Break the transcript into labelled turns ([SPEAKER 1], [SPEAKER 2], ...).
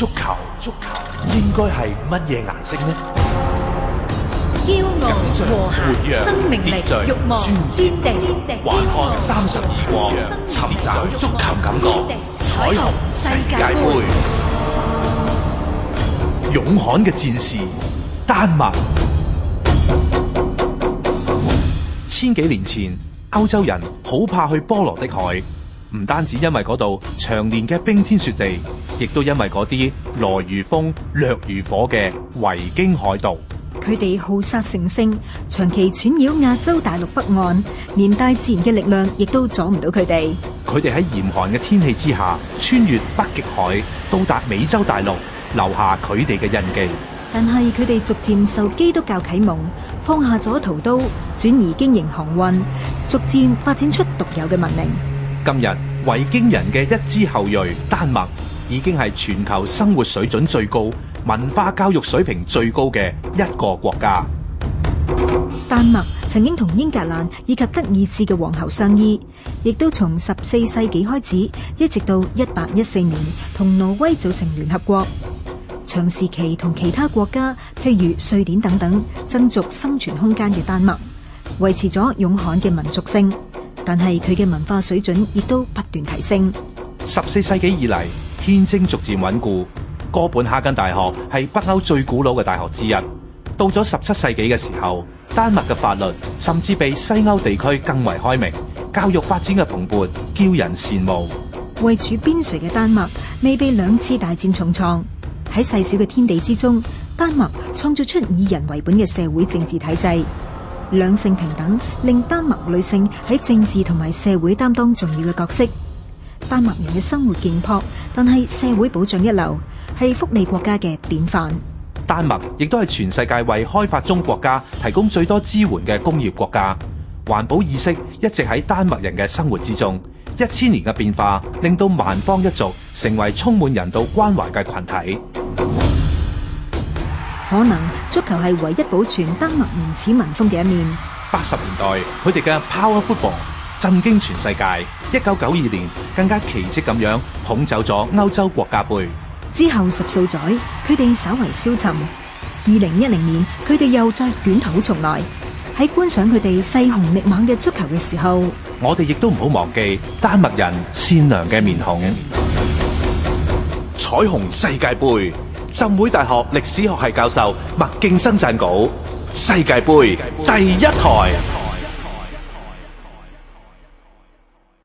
[SPEAKER 1] 足球，足球應該係乜嘢顏色呢？
[SPEAKER 2] 驕傲、活躍、生命力、欲望、天地、環看三十二
[SPEAKER 1] 國，尋找足球感覺，
[SPEAKER 2] 彩虹世界杯，
[SPEAKER 1] 勇悍嘅戰士，丹麥。千幾年前，歐洲人好怕去波羅的海。唔單止因為嗰度長年嘅冰天雪地，亦都因為嗰啲來如風、掠如火嘅維京海盜，
[SPEAKER 2] 佢哋好殺成性，長期竄擾亞洲大陸北岸，連大自然嘅力量亦都阻唔到佢哋。
[SPEAKER 1] 佢哋喺嚴寒嘅天氣之下，穿越北極海，到達美洲大陸，留下佢哋嘅印記。
[SPEAKER 2] 但係佢哋逐漸受基督教啟蒙，放下咗屠刀，轉移經營航運，逐漸發展出獨有嘅文明。
[SPEAKER 1] 今日維京人嘅一支後裔丹麥，已經係全球生活水準最高、文化教育水平最高嘅一個國家。
[SPEAKER 2] 丹麥曾經同英格蘭以及德意志嘅皇侯相依，亦都從十四世紀開始，一直到一八一四年同挪威組成聯合王國，長時期同其他國家譬如瑞典等等爭逐生存空間嘅丹麥，維持咗勇悍嘅民族性。但係佢嘅文化水準亦都不斷提升。
[SPEAKER 1] 十四世紀以嚟，憲政逐漸穩固。哥本哈根大學係北歐最古老嘅大學之一。到咗十七世紀嘅時候，丹麥嘅法律甚至比西歐地區更為開明，教育發展嘅蓬勃，叫人羨慕。
[SPEAKER 2] 位處邊陲嘅丹麥，未被兩次大戰重創。喺細小嘅天地之中，丹麥創造出以人為本嘅社會政治體制。兩性平等令丹麥女性喺政治同埋社會擔當重要嘅角色。丹麥人嘅生活簡樸，但係社會保障一流，係福利國家嘅典範。
[SPEAKER 1] 丹麥亦都係全世界為開發中國家提供最多支援嘅工業國家。環保意識一直喺丹麥人嘅生活之中。一千年嘅變化令到萬方一族成為充滿人道關懷嘅群體。
[SPEAKER 2] 可能足球係唯一保存丹麥原始民風嘅一面。
[SPEAKER 1] 八十年代佢哋嘅 power football 震驚全世界。一九九二年更加奇跡咁樣捧走咗歐洲國家杯。
[SPEAKER 2] 之後十數載，佢哋稍為消沉。二零一零年，佢哋又再捲土重來。喺觀賞佢哋勢雄力猛嘅足球嘅時候，
[SPEAKER 1] 我哋亦都唔好忘記丹麥人善良嘅面孔。彩虹世界杯。浸會大學歷史學系教授麥敬生撰稿，《世界杯第一台》。